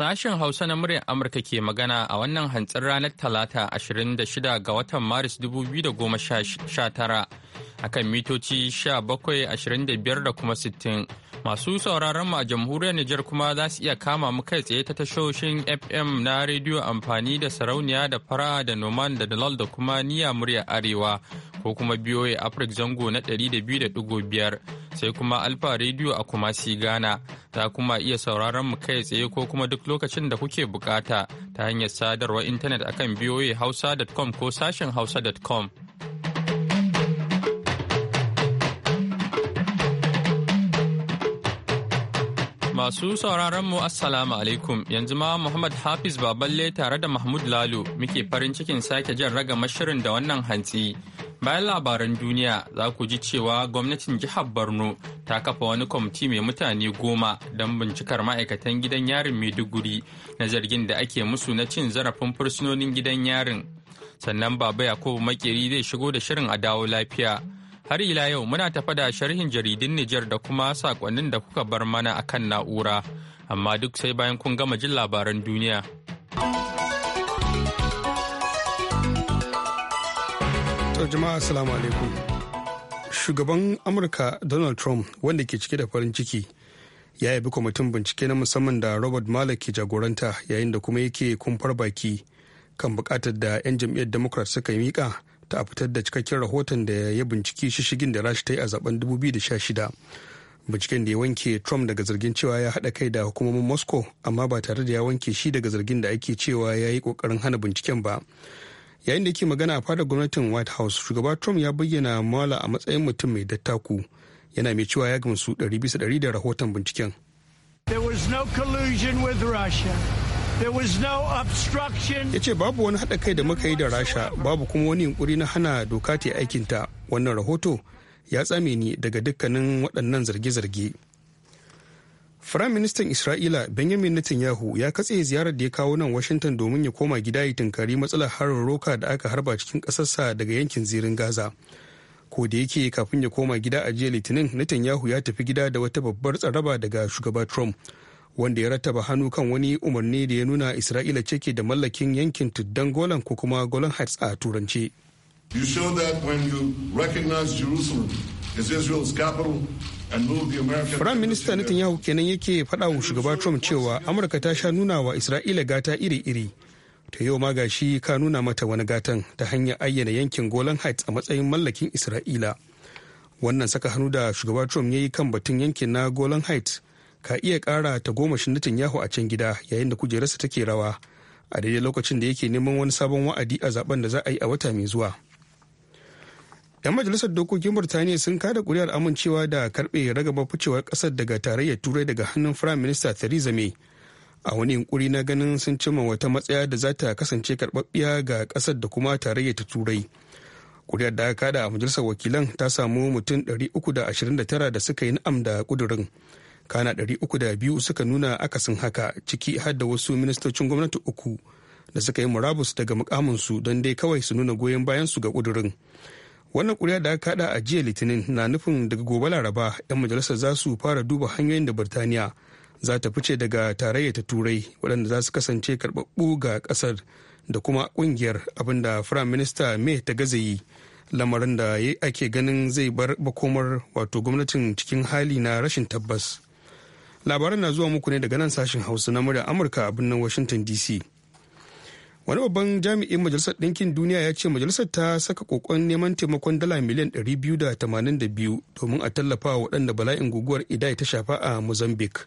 Sashen Hausa na muryar Amurka ke magana a wannan hantsin ranar Talata 26 ga watan Maris 2019 kan mitoci 17, 25 da kuma 60. Masu sauraron mu a jamhuriyar Nijar kuma za su iya kama mu kai tsaye ta tashoshin FM na rediyo amfani da sarauniya da fara da noman da dalal da kuma niya murya arewa ko kuma BOA Africa zango na 200.5 sai kuma Alfa rediyo a kuma Sigana Ghana za kuma iya sauraron mu kai tsaye ko kuma duk lokacin da kuke bukata ta hanyar sadarwar intanet akan hausa.com ko sashen hausa.com. Masu sauraron mu Assalamu alaikum yanzu ma Muhammad Hafiz Baballe tare da Mahmud Lalo muke farin cikin sake jan raga shirin da wannan hantsi. Bayan labaran duniya za ku ji cewa gwamnatin jihar Borno ta kafa wani kwamiti mai mutane goma don bincikar ma'aikatan gidan yarin Maiduguri na zargin da ake musu na cin zarafin fursunonin gidan yarin. Sannan Baba Yakubu Makeri zai shigo da shirin a dawo lafiya. Har ila yau muna tafa da sharhin jaridun Nijar da kuma sakonnin da kuka bar mana a kan na'ura, amma duk sai bayan kun gama jin labaran duniya. To jama'a assalamu alaikum. Shugaban Amurka Donald Trump wanda ke cike da farin ciki ya yabi kwamitin bincike na musamman da Robert Mueller ke jagoranta yayin da kuma yake kumfar baki kan bukatar da 'yan jam'iyyar Democrat suka yi miƙa. bukatar fitar da cikakken rahoton da ya binciki shishigin da rashi ta yi a zaben 2016 binciken da ya wanke trump daga zargin cewa ya haɗa kai da hukumomin moscow amma ba tare da ya wanke shi daga zargin da ake cewa ya yi ƙoƙarin hana binciken ba yayin da yake magana a fadar gwamnatin white house shugaba trump ya bayyana mala a matsayin mutum mai dattaku yana mai cewa ya gamsu 100 100 da rahoton binciken There was no collusion with Russia. ya ce babu wani haɗa kai da muka yi da rasha babu kuma wani yunkuri na hana doka ta aikinta wannan rahoto ya tsame ni daga dukkanin waɗannan zarge-zarge firayim ministan isra'ila benjamin netanyahu ya katse ziyarar da ya kawo nan washington domin ya koma gida ya tunkari matsalar harin roka da aka harba cikin ƙasarsa daga yankin zirin gaza ko da yake kafin ya koma gida a jiya litinin netanyahu ya tafi gida da wata babbar tsaraba daga shugaba trump wanda ya rattaba hannu kan wani umarni da ya nuna isra'ila ce ke da mallakin yankin tuddan golan ko kuma golan heights a turance you show that when you recognize jerusalem as Firayim Minista Netanyahu kenan yake faɗa wa shugaba Trump cewa Amurka ta sha nuna wa Isra'ila gata iri-iri. Ta yau ma shi ka nuna mata wani gatan ta hanyar ayyana yankin Golan Heights a matsayin mallakin Isra'ila. Wannan saka hannu da shugaba Trump ya yi kan batun yankin na Golan Heights ka iya kara ta goma shi nitin Netanyahu a can gida yayin da kujerarsa take rawa a daidai lokacin da yake neman wani sabon wa'adi a zaben da za a yi a wata mai zuwa. 'Yan majalisar dokokin Burtaniya sun kada kuri'ar amincewa da karbe ragaba ficewar kasar daga tarayyar turai daga hannun Firayim Minista Theresa May a wani yunkuri na ganin sun cimma wata matsaya da za ta kasance karbabbiya ga kasar da kuma tarayyar ta turai. Kuri'ar da aka kada a majalisar wakilan ta samu mutum 329 da suka yi na'am da kudurin. kana biyu suka nuna akasin haka ciki har da wasu ministocin gwamnati uku da suka yi murabus daga mukaminsu don dai kawai su nuna goyon bayan su ga kudurin wannan kuri'a da aka kada a jiya litinin na nufin daga gobe laraba 'yan majalisar za su fara duba hanyoyin da birtaniya za ta fice daga tarayya ta turai waɗanda za su kasance karɓaɓɓu ga ƙasar da kuma ƙungiyar abinda firayim minista may ta gaza yi lamarin da ake ganin zai bar bakomar wato gwamnatin cikin hali na rashin tabbas. labaran na zuwa muku ne daga nan sashen hausa na murya amurka a birnin washington dc wani babban jami'in majalisar ɗinkin duniya ya ce majalisar ta saka kokon neman taimakon dala miliyan 282 domin a tallafa waɗanda bala'in guguwar idai ta shafa a mozambique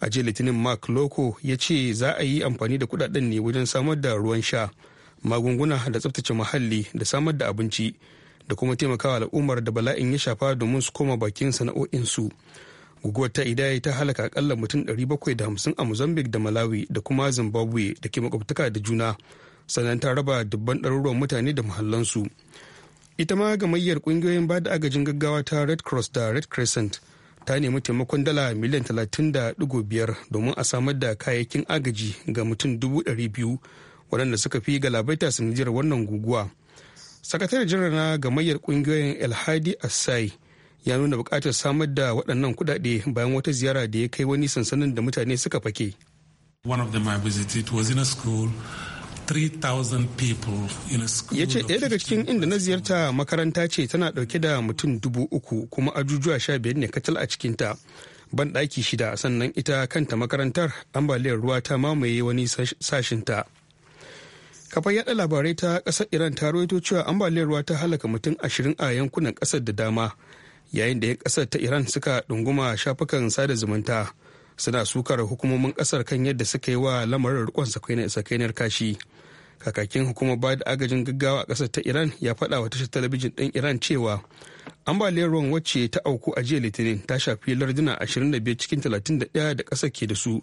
a jiya litinin mark loko ya ce za a yi amfani da kudaden ne wajen samar da ruwan sha magunguna da tsabtace muhalli da samar da abinci da kuma taimakawa al'ummar da bala'in ya shafa domin su koma bakin sana'o'insu su guguwar ta idai ta halaka akalla mutum ɗari 750 a mozambique da malawi da kuma zimbabwe da ke makwabtaka da juna sannan ta raba dubban ɗaruruwan mutane da muhallansu ita ma gamayyar ƙungiyoyin ba da agajin gaggawa ta red cross da red crescent ta nemi taimakon dala miliyan biyar domin a samar da kayayyakin agaji ga mutum biyu waɗanda suka fi galabaita sanadiyar wannan guguwa sakatare jirar na gamayyar ƙungiyoyin elhadi asai ya nuna bukatar samar da waɗannan kuɗaɗe bayan wata ziyara da ya kai wani sansanin da mutane suka fake. One of them I visited was in a school ya ce ɗaya daga cikin inda na ziyarta makaranta ce tana ɗauke da mutum dubu uku kuma ajujuwa sha biyar ne kacal a cikinta ban ɗaki shida sannan ita kanta makarantar ambaliyar ruwa ta mamaye wani sashinta kafar yaɗa labarai ta ƙasar iran ta rawaito cewa ambaliyar ruwa ta halaka mutum ashirin a yankunan ƙasar da dama yayin da 'yan kasar ta iran suka ɗunguma shafukan sada zumunta suna sukar hukumomin kasar kan yadda suka yi wa lamarin rikon sakainar kashi kakakin hukumar ba da agajin gaggawa a kasar ta iran ya faɗa wa tashar talabijin ɗin iran cewa ambaliyar ruwan wacce ta auku a jiya litinin ta shafi larduna 25 cikin 31 da ƙasar ke da su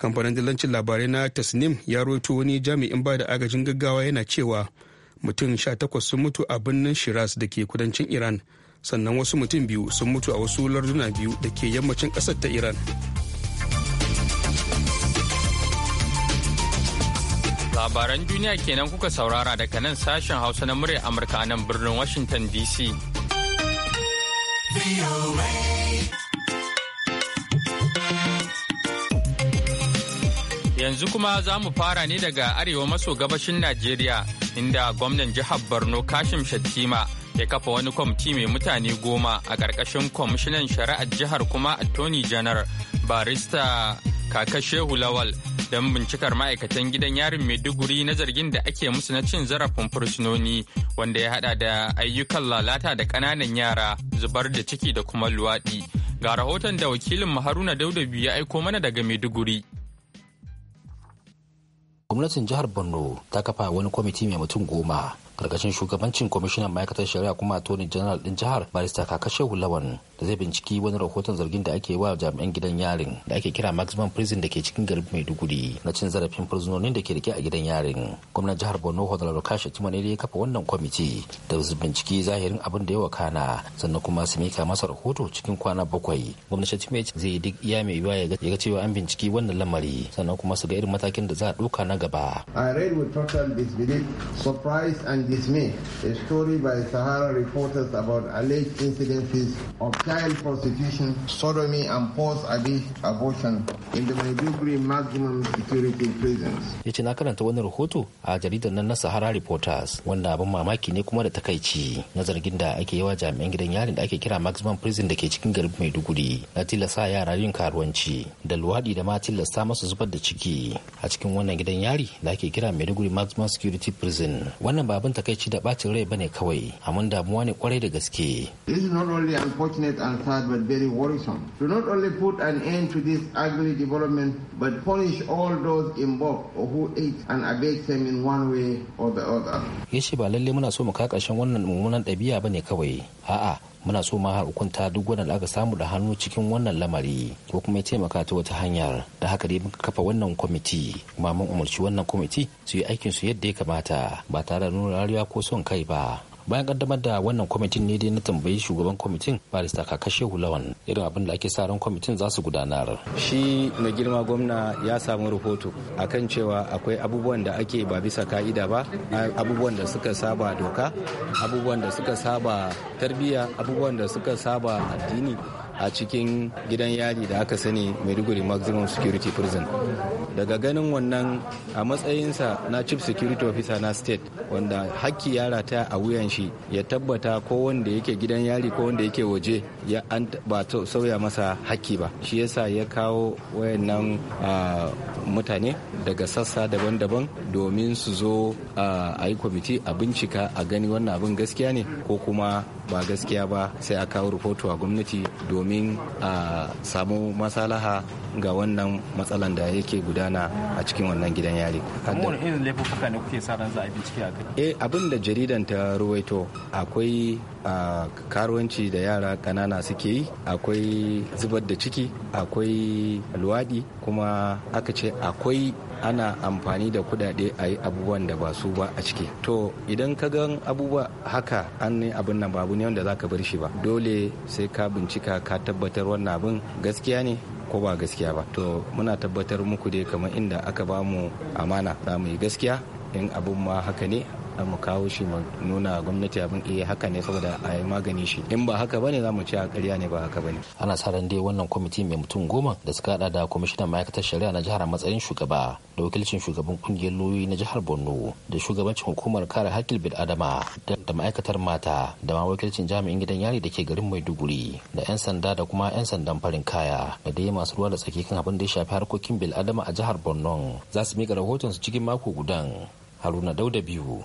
kamfanin dillancin labarai na tasnim ya roto wani jami'in ba da agajin gaggawa yana cewa mutum 18 sun mutu a birnin shiraz da ke kudancin iran sannan wasu mutum biyu sun mutu a wasu larduna biyu da ke yammacin ƙasar ta iran labaran duniya kenan kuka saurara daga nan sashen hausa na murya amurka a nan birnin washington dc yanzu kuma za mu fara ne daga arewa maso gabashin najeriya inda gwamnan jihar borno kashim shattima ya kafa wani kwamiti mai mutane goma a ƙarƙashin kwamishinan shari'ar jihar kuma a attorney janar barista kaka shehu lawal don bincikar ma'aikatan gidan yarin maiduguri na zargin da ake musu na cin zarafin fursunoni wanda ya hada da ayyukan lalata da ƙananan yara zubar da ciki da kuma luwaɗi ga rahoton da wakilin haruna daudabi ya aiko mana daga maiduguri gwamnatin jihar borno ta kafa wani kwamiti mai mutum goma karkashin shugabancin kwamishinan ma'aikatar shari'a kuma attorney general din jihar barista kakashe hulawan da zai binciki wani rahoton zargin da ake wa jami'an gidan yarin da ake kira maximum prison da ke cikin garin duguri na cin zarafin fursunonin da ke rike a gidan yarin gwamnan jihar borno honorable kashi ne ya kafa wannan kwamiti da su binciki zahirin abin da ya wakana sannan kuma su mika masa rahoto cikin kwana bakwai gwamnati mai zai yi duk iya mai yiwa ya ga cewa an binciki wannan lamari sannan kuma su ga irin matakin da za a ɗauka na gaba. I read with total disbelief, surprise and dismay a story by Sahara reporters about alleged incidences of child prostitution, sodomy, and forced abortion in the Maiduguri maximum security prisons. Ya ce na karanta wani rahoto a jaridar nan na Sahara Reporters wanda abin mamaki ne kuma da takaici na zargin da ake yawa jami'an gidan yarin da ake kira maximum prison da ke cikin garin Maiduguri na tilasta yara yin karuwanci da luwaɗi da ma tilasta masu zubar da ciki a cikin wannan gidan yari da ake kira Maiduguri maximum security prison. Wannan ba abin takaici da bacin rai bane kawai, amma damuwa ne kwarai da gaske. This is not only unfortunate serious and sad but very worrisome, to not only put an end to this ugly development but punish all those involved or who ate and abet them in one way or the other. Ya ba lalle muna so mu ka ƙarshen wannan mummunan ɗabi'a ba ne kawai. A'a, muna so ma har hukunta duk wanda aka samu da hannu cikin wannan lamari ko kuma ya taimaka ta wata hanyar da haka dai muka kafa wannan kwamiti kuma mun umarci wannan kwamiti su yi aikin su yadda ya kamata ba tare da nuna rariya ko son kai ba bayan kaddamar da wannan kwamitin ne dai na tambayi shugaban kwamitin barista kakashe hulawan irin abin da ake sa ran kwamitin za su gudanar shi mai girma gwamna ya samu rahoto akan cewa akwai abubuwan da ake ba bisa ka'ida ba abubuwan da suka saba doka abubuwan da suka saba tarbiyya abubuwan da suka saba addini a cikin gidan yari da aka sani maiduguri maximum security prison daga ganin wannan a matsayinsa na chief security officer na state wanda hakki ya rata a wuyan shi ya tabbata ko wanda yake gidan yari ko wanda yake waje ya an ba ta sauya masa hakki ba shi yasa ya kawo wayannan mutane daga sassa daban-daban domin su zo a yi kwamiti a bincika a gani wannan abin gaskiya ne ko kuma ba gaskiya ba sai a kawo rahoto a gwamnati domin a samu masalaha ga wannan matsalan da yake gudana a cikin wannan gidan yari. Eh abin da jaridan ta ruwaito akwai a karuwanci da yara kanana suke yi akwai zubar da ciki akwai luwadi kuma aka ce akwai ana amfani da kudade a yi abubuwan da ba su ba a ciki to idan ka gan abubuwa haka an ne abin nan babu ne wanda za ka bar shi ba dole sai ka bincika ka tabbatar wannan abin gaskiya ne ko ba gaskiya ba to muna tabbatar muku dai kamar inda aka ba mu amana za mu yi gaskiya in abin ma haka ne mu kawo shi mu nuna gwamnati abin iya eh, haka ne saboda a yi magani shi in ba haka bane za mu ci a ƙarya ne ba haka bane ana sa ran dai wannan kwamiti mai mutum goma da suka hada da kwamishinan ma'aikatar shari'a na jihar matsayin shugaba da wakilcin shugaban kungiyar lauyoyi na jihar borno da shugabancin hukumar kare hakkin bil adama da ma'aikatar mata da ma wakilcin jami'in gidan yari da ke garin maiduguri da 'yan sanda da kuma 'yan sandan farin kaya da dai masu ruwa da tsaki kan abin da ya shafi harkokin bil adama a jihar borno za su mika rahoton su cikin mako gudan haruna dauda biyu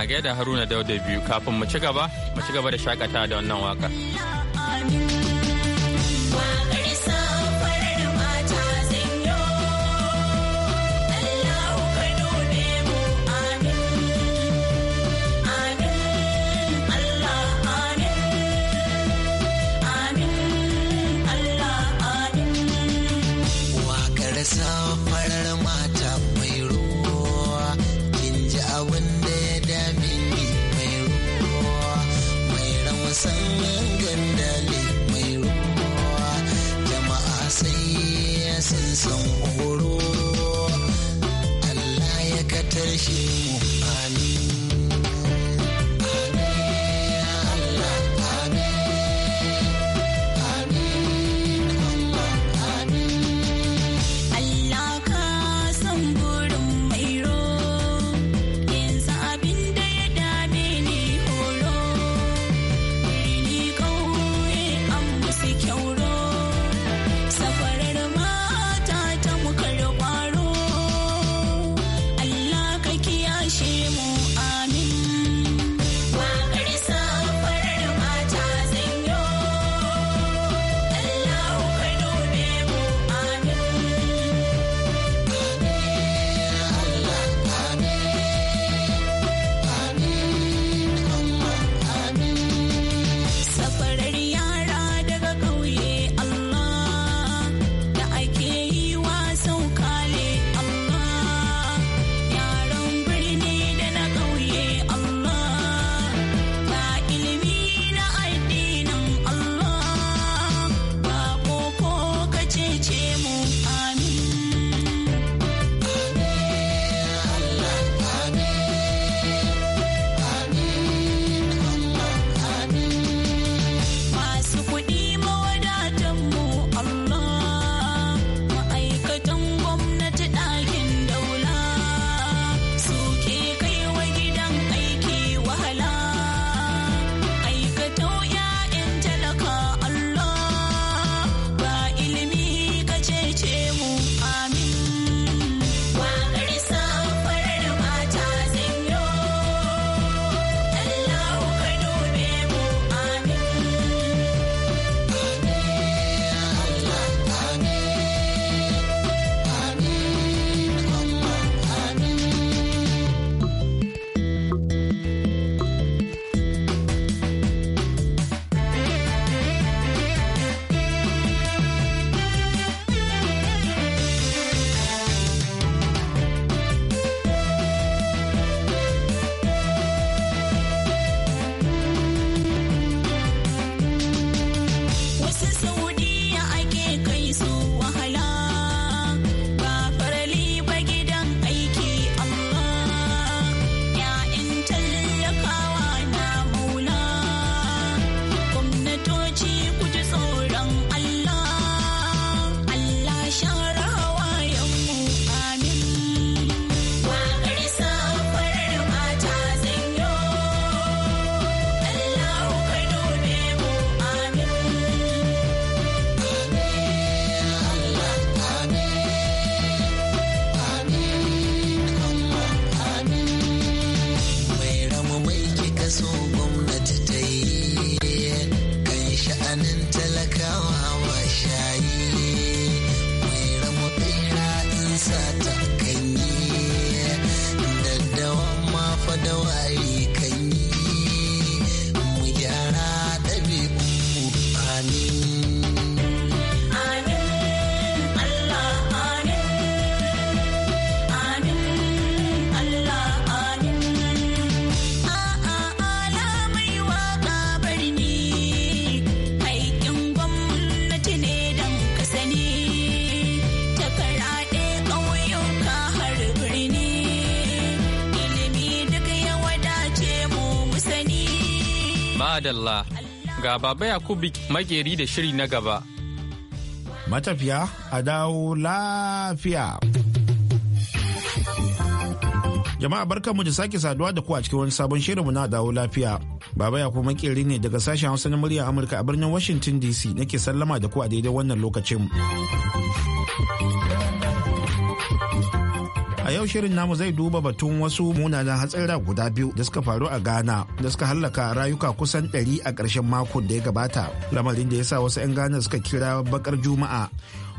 a gaida Haruna Dauda biyu kafin mu ci gaba mu ci gaba da shakata da wannan waka. Adalla ga baba yakubu makeri da shiri na gaba matafiya a dawo lafiya jama'a barkanmu da sake saduwa da ku a cikin wani sabon shirinmu na dawo lafiya baba Yakubu makeri ne daga sashen hausa na murya amurka a birnin washington dc nake sallama da ku a daidai wannan lokacin A yau shirin namu zai duba batun wasu munanan hatsira guda biyu da suka faru a Ghana da suka hallaka rayuka kusan 100 a ƙarshen makon da ya gabata. Lamarin da ya sa wasu 'yan Ghana suka kira bakar Juma'a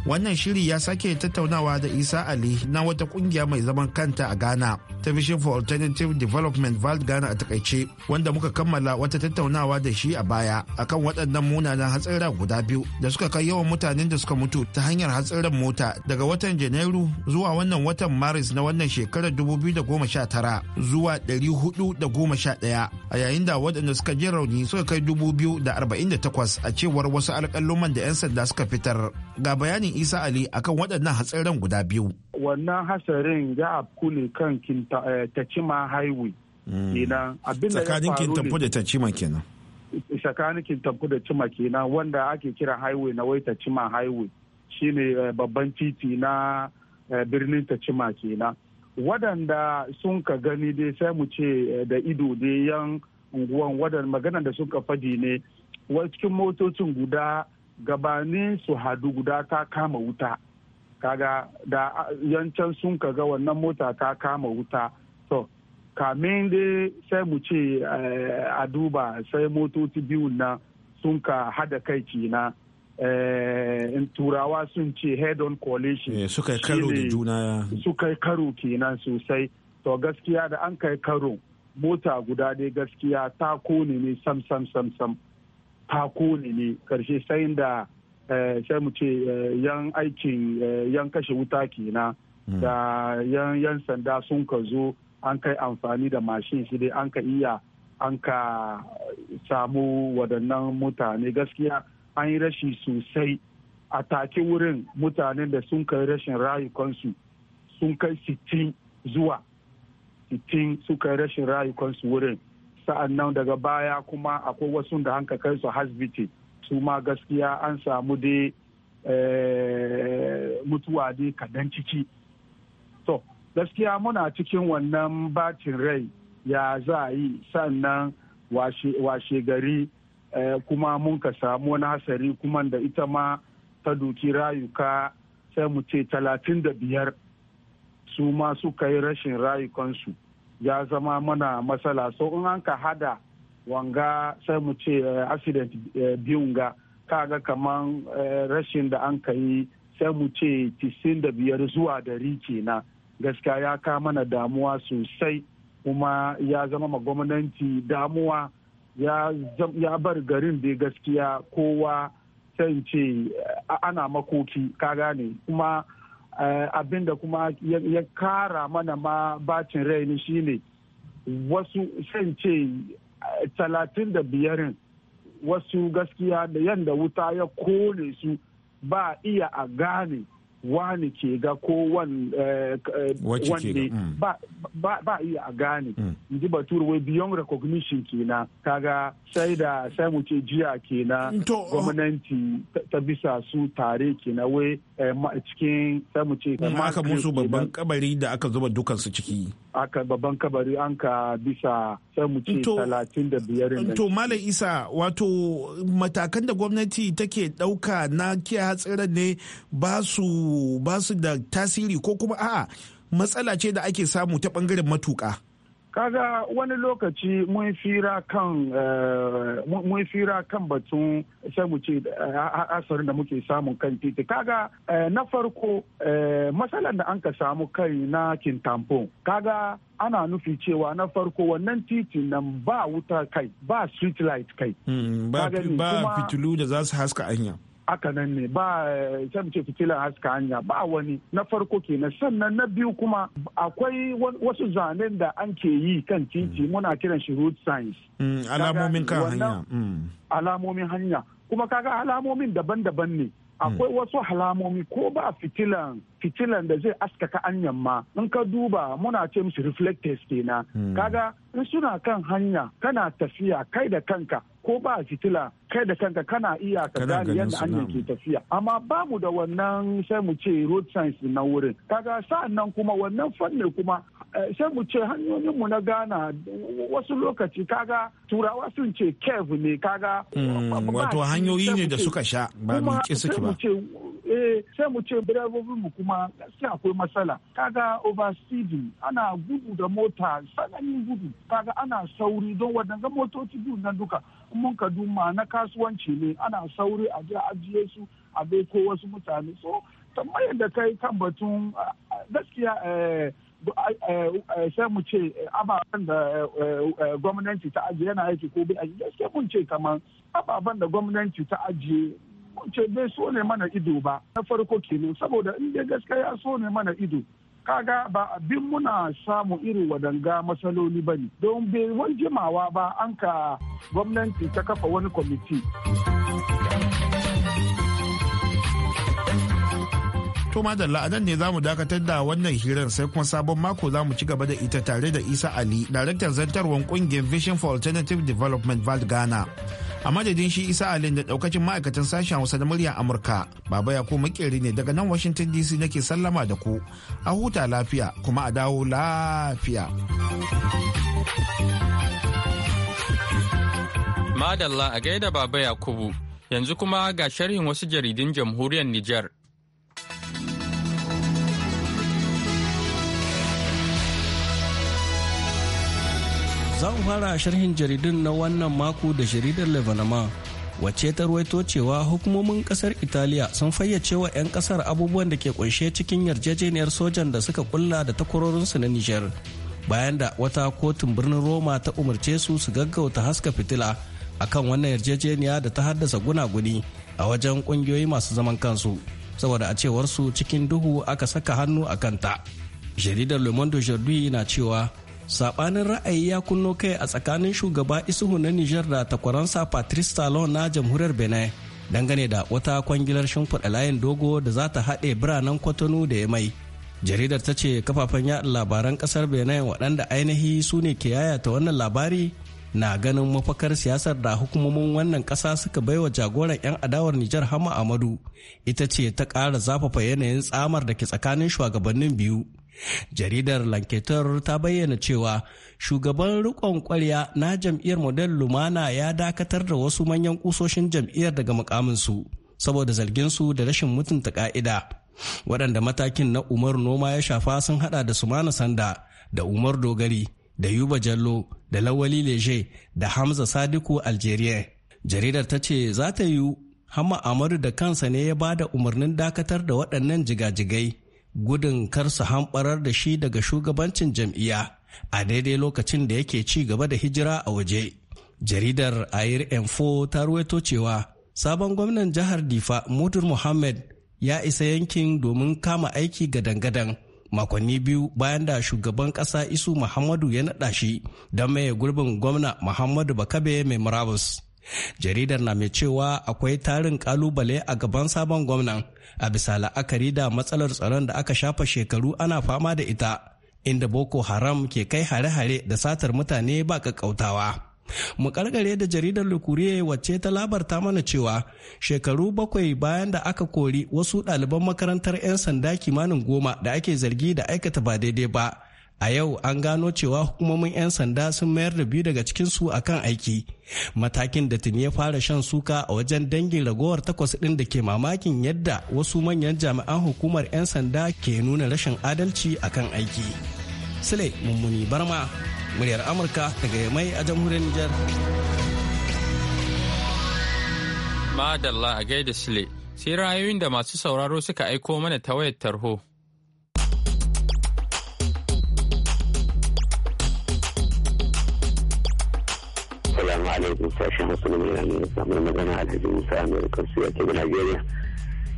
wannan shiri ya sake tattaunawa da isa ali na wata kungiya mai zaman kanta a ghana ta vision for alternative development vald ghana a takaice wanda muka kammala wata tattaunawa da shi a baya akan waɗannan munanan hatsira guda biyu da suka kai yawan mutanen da suka mutu ta hanyar hatsarin mota daga watan janairu zuwa wannan watan maris na wannan shekarar 2019 zuwa da sha 411 a yayin da waɗanda suka ji rauni suka kai da da arba'in 2048 a cewar wasu alƙalluman da 'yan sanda suka fitar ga bayanin isa ali akan waɗannan hatsarin guda biyu wannan hatsarin ya afku ne kan eh, tacima highway hmm. kenan abin da tsakanin da tacima kenan tsakanin kintanfu da cima kenan wanda ake kira highway na wai tacima highway shine eh, babban titi na eh, birnin tacima kenan waɗanda sun ka gani dai sai mu ce da ido dai yan unguwan waɗanda maganan da suka faɗi ne cikin motocin guda gabanin su hadu guda ta kama wuta kaga da yancan sun kaga wannan mota ta kama wuta to kamin dai sai mu ce eh, a duba sai motoci biyun na sun ka hada kai kina eh, in turawa sun ce head on coalition eh, suka yi karo da juna suka yi karo kenan sosai to gaskiya da an kai karo mota guda dai gaskiya ta kone ne sam sam sam sam ta kone ne karshe sai da eh, sai mu ce eh, yan aikin eh, yan kashe wuta kenan hmm. da yan sanda sun ka zo an kai amfani da mashin shi dai an ka iya an ka samu waɗannan mutane gaskiya an yi rashi sosai a take wurin mutanen da sun kai rashin rayukansu sun kai sittin zuwa sittin suka rashin rayukansu wurin sa'annan daga baya kuma akwai wasu da hanka kai su hasbiti su ma gaskiya an samu dai eh, mutuwa dai kadan ciki to gaskiya muna cikin wannan bacin rai ya za a yi sannan washe gari eh, kuma mun ka samu wani hasari kuma da ita ma ta duki rayuka sai mu ce talatin da biyar su ma suka yi rashin rayukansu ya zama mana matsala so in an ka hada wanga sai mu ce eh, accident eh, biyun ga kaga kaman eh, rashin da an ka yi sai mu ce biyar zuwa dari na gaskiya ya ka mana damuwa sosai kuma ya zama ma gwamnati damuwa ya bar garin da gaskiya kowa sai ce ana makoki ka gane kuma Eh, abin da kuma ya kara mana ma bacin rai ne shine wasu sun ce eh, talatin da biyarin wasu gaskiya da yadda wuta ya kone su ba iya a gane wani ke ga ko wani eh, mm. ba iya a gane mm. ji batur wai beyond recognition kenan kaga sai da sai mu ce jiya kenan uh, gwamnati ta bisa su tare na wai Eh, cikin sai mu ce aka musu babban kabari da aka zuba dukansu ciki aka babban kabari an ka bisa sai mu ce talatin da biyar to malam isa wato matakan da gwamnati take dauka na kiyaye hatsarin ne ba su da tasiri ko kuma a'a matsala ce da ake samu ta bangaren matuka kaga wani lokaci eh, mun fira kan batun sai mu ce eh, asarin da muke samun kan titi kaga eh, na farko matsalar da an ka samu kai na kintampon kaga ana nufi cewa na farko wannan titi nan ba wuta kai ba street light kai hmm, ba fitilu da za su haska anya haka nan ne ba eh, sai mu ce fitilan haska hanya ba wani na farko kenan sannan na biyu kuma akwai wasu zanen da an ke yi kan titi mm. muna kiran shi road signs mm, alamomin kan hanya mm. alamomin hanya kuma kaga alamomin daban-daban ne akwai wasu alamomi ko ba fitilan fitilan da zai askaka hanyar ma in ka duba muna ce musu reflectors kenan kaga in suna kan hanya kana tafiya kai da kanka ko ba fitila kai da kanka kana iya ka gani yadda hanyar ke tafiya amma mu da wannan sai mu ce road science na wurin kaga sa'an nan kuma wannan fannin kuma eh, sai mu ce hanyoyin mu na gana wasu lokaci kaga turawa sun ce kev ne kaga hmm, wato hanyoyi ne da suka sha ba mu ce suke ba eh sai mu ce direbobin mu kuma gaskiya akwai matsala kaga overspeeding ana gudu da mota tsananin gudu kaga ana sauri don waɗanda motoci gudu nan duka mun ka duma na kasuwanci ne ana sauri a ji ajiye su a bai ko wasu mutane so tamma da kai kan batun gaskiya eh, eh, eh, sai mu ce ababen da gwamnati ta ajiye yana aiki ko bai aiki gaskiya mun ce kamar ababen da gwamnati ta ajiye ce bai so ne mana ido ba na farko kenan saboda in dai gaskiya ya so ne mana ido kaga ba abin muna samu irin wadanga masaloli ba ne don bai wani jimawa ba an ka gwamnati ta kafa wani kwamiti. To da a ne za mu dakatar da wannan hirar sai kuma sabon mako za mu ci gaba da ita tare da Isa Ali, daraktan zantarwar kungiyar Vision for Alternative Development Val Ghana. a madadin shi isa alin da daukacin ma'aikatan sashen hausa na murya amurka baba ya ko makeri ne daga nan washington dc nake sallama da ku a huta lafiya kuma a dawo lafiya madalla a gaida baba yakubu yanzu kuma ga sharhin wasu jaridun jamhuriyar nijar Za mu fara sharhin jaridun na wannan mako da jaridar Lebanama. wacce ta ruwaito cewa hukumomin kasar italiya sun fayyace wa 'yan kasar abubuwan da ke kunshe cikin yarjejeniyar sojan da suka kulla da takwarorinsu na nijar bayan da wata kotun birnin roma ta umarce su su gaggauta haska fitila akan wannan yarjejeniya da ta haddasa gunaguni a wajen kungiyoyi masu zaman kansu saboda a cewar su cikin duhu aka saka hannu a kanta jaridar le monde na cewa sabanin ra'ayi ya kunno kai a tsakanin shugaba isuhu na nijar da takwaransa patrice talon na jamhuriyar benin dangane da wata kwangilar shimfiɗa layin dogo da za ta haɗe biranen kwatano da ya mai jaridar ta ce kafafen yaɗa labaran ƙasar benin waɗanda ainihi su ne ke ta wannan labari na ganin mafakar siyasar da hukumomin wannan ƙasa suka baiwa jagoran 'yan adawar Nijar Hama Amadu ita ce ta ƙara zafafa yanayin tsamar da ke tsakanin shugabannin biyu jaridar lanketar ta bayyana cewa shugaban rikon kwarya na jam'iyyar model lumana ya dakatar da wasu manyan kusoshin jam'iyyar daga mukaminsu saboda zarginsu da rashin mutunta ka'ida waɗanda matakin na umar noma ya shafa sun hada da sumana sanda da umar dogari da yuba jallo da lawali leje da hamza sadiku algeria jaridar ta ce za ta yi hamma amaru da kansa ne ya ba da umarnin dakatar da waɗannan jigajigai gudun kar su hamɓarar da shi daga shugabancin jam'iyya a daidai lokacin da yake ci gaba da hijira a waje. Jaridar Air M4 ta ruwaito cewa sabon gwamnan jihar Difa Mudur Muhammad ya isa yankin domin kama aiki gadan-gadan makonni biyu bayan da shugaban ƙasa Isu Muhammadu ya naɗa shi don maye gurbin gwamna Muhammadu Bakabe mai murabus. jaridar na mai cewa akwai tarin kalubale a gaban sabon gwamnan a bisa la'akari da matsalar tsaron da aka shafa shekaru ana fama da ita inda boko haram ke kai hare-hare da satar mutane ba kakkautawa mu karkare da jaridar lukuriye wacce ta labarta mana cewa shekaru bakwai bayan da aka kori wasu ɗaliban makarantar 'yan sanda kimanin goma da ake zargi da aikata ba daidai ba a yau an gano cewa hukumomin 'yan sanda sun mayar da biyu daga cikinsu a kan aiki matakin da tuni ya fara shan suka a wajen dangin ragowar takwas ɗin da ke mamakin yadda wasu manyan jami'an hukumar 'yan sanda ke nuna rashin adalci a kan aiki sule mummuni barma muryar amurka daga mai a jamhuriyar niger madalla a gaida sule sai ra'ayoyin da masu sauraro suka aiko mana ta wayar tarho alaikum sashen wasu na mai ne samun magana alhaji musa amurka su ya tabi najeriya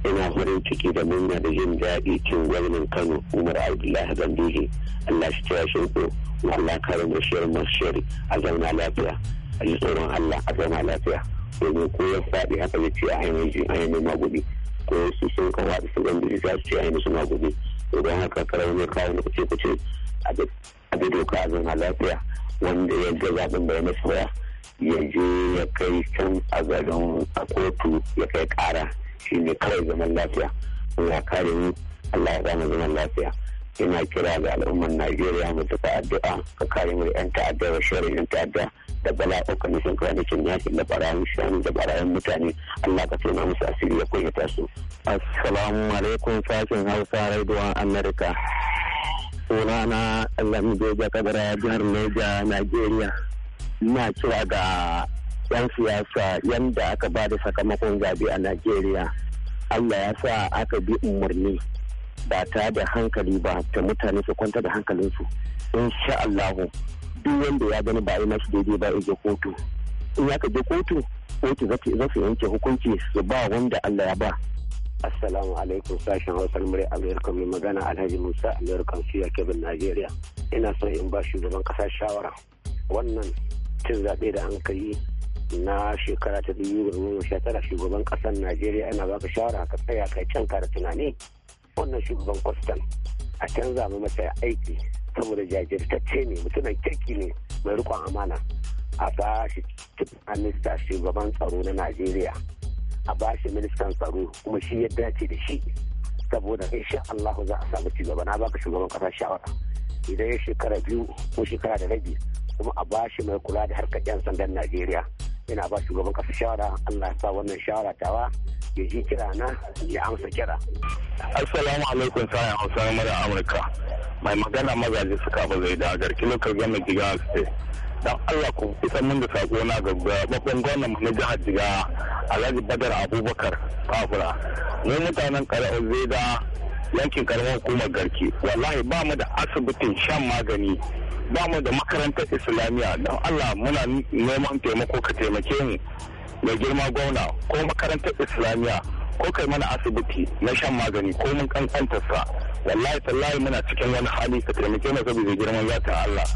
ina farin ciki da murna da jin daɗi cin gwamnan kano umar abdullahi ganduje allah shi cewa shi ko wallah kare da shiyar masu shari a zauna lafiya a ji tsoron allah a zauna lafiya domin ko ya faɗi haka ya ce a hanyar jin ainihin maguɗi ko su sun kawo da su ganduje za su ce musu su maguɗi don haka karar ne kawo da kuce kuce a bi doka a zauna lafiya wanda ya ga zaɓen da ya masa ya je ya kai can a garin a kotu ya kai kara ne kawai zaman lafiya ya kare mu Allah ya zama zaman lafiya ina kira ga al'ummar Najeriya mu duka addu'a ka kare mu yan ta'adda da shirin yan ta'adda da bala uku ne sun da cin yakin da barayin shanu da barayin mutane Allah ka tsoma musu asiri ya kunyata su. Assalamu alaikum sashen Hausa raiduwa Amerika. Sunana Lamido Jakabara jihar Neja, Najeriya. na kira ga 'yan siyasa yadda aka ba da sakamakon zabe a najeriya allah ya sa aka bi umarni ba ta da hankali ba ta mutane su kwanta da hankalinsu sha allahu duk wanda ya gani ba yi masu daidai ba ya je kotu in ya ka je kotu kotu za su yanke hukunci su ba wanda allah ya ba Assalamu alaikum sashen Hausar Murai Amurka mai magana Alhaji Musa Amurkan Suya Kebin Najeriya. Ina son in ba shugaban kasa shawara. Wannan cin zaɓe da an yi na shekara ta biyu da goma sha tara shugaban ƙasar najeriya yana baka shawara ka tsaya kai can kara tunani wannan shugaban kwastan a canza mu masa aiki saboda jajirtacce ne mutumin kirki ne mai rikon amana a ba shi minista shugaban tsaro na najeriya a ba shi ministan tsaro kuma shi ya dace da shi saboda insha Allah za a samu cigaba na baka shugaban kasa shawara idan ya shekara biyu ko shekara da rabi kuma a bashi mai kula da harkar 'yan sandan najeriya ina ba shugaban kasa shawara allah sa wannan shawara tawa ya ji kira na ya amsa kira assalamu alaikum sa'ayin hausa na mara amurka mai magana mazaje suka ba zai da garki lokal gwamnati jiga state dan allah ku isa mun da sako na ga babban gwamnan na jihar jiga alhaji badar abubakar kafura mu mutanen kare zai yankin karamar hukumar garke wallahi ba mu da asibitin shan magani ba mu da makarantar islamiyya don allah muna neman taimako ka taimake mu mai girma gwamna ko makarantar islamiyya ko kai mana asibiti na shan magani ko mun sa wallahi tallahi muna cikin wani hali ka taimake mu saboda girman ta allah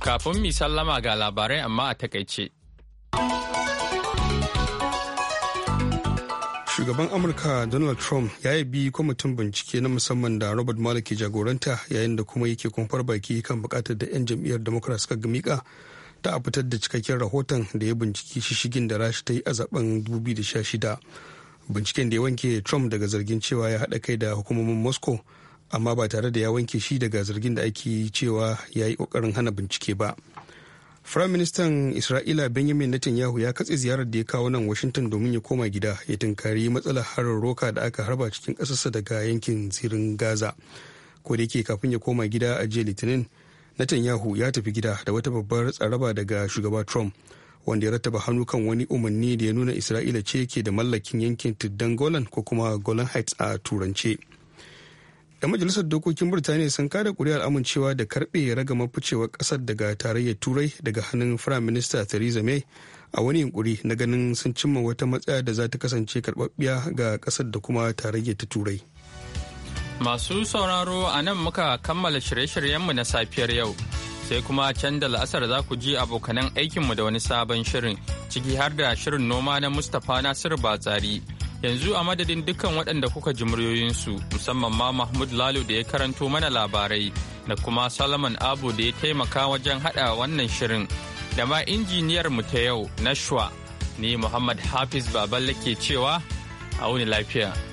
kafin mi sallama ga labarai amma a takaice shugaban amurka donald trump ya yi bi kwamitin bincike na musamman da robert mueller ke jagoranta yayin da kuma yake kumfar baki kan bukatar da 'yan jam'iyyar democrat suka miƙa ta a fitar da cikakken rahoton da ya binciki shishigin da rashi ta yi a zaben 2016 binciken da ya wanke trump daga zargin cewa ya haɗa kai da hukumomin moscow amma ba tare da ya wanke shi daga zargin da ake cewa ya yi ƙoƙarin hana bincike ba. Firaministan Isra'ila Benjamin Netanyahu ya katse ziyarar da ya kawo nan Washington domin ya koma gida ya tunkari matsalar harin roka da aka harba cikin kasarsa daga yankin zirin Gaza. Ko da yake kafin ya koma gida a jiya Litinin, Netanyahu ya tafi gida da wata babbar tsaraba daga shugaba Trump, wanda ya rattaba hannu kan wani umarni da ya nuna Isra'ila ce ke da mallakin yankin Tuddan Golan ko kuma Golan Heights a Turance. 'yan majalisar dokokin birtaniya sun kada kuri'ar amincewa da karbe ragamar ficewar kasar daga tarayyar turai daga hannun firayim minista theresa may a wani yunkuri na ganin sun cimma wata matsaya da za ta kasance karbabbiya ga kasar da kuma tarayyar ta turai masu sauraro a nan muka kammala shirye-shiryenmu na safiyar yau sai kuma can da la'asar za ku ji abokanan aikinmu da wani sabon shirin ciki har da shirin noma na mustapha nasiru batsari Yanzu a madadin dukkan waɗanda kuka ji muryoyinsu musamman ma Mahmud Lalo da ya karanto mana labarai da kuma salman Abu da ya taimaka wajen haɗa wannan shirin da ma injiniyar mu ta yau Nashwa ni Muhammad Hafiz Baballe ke cewa a wuni lafiya.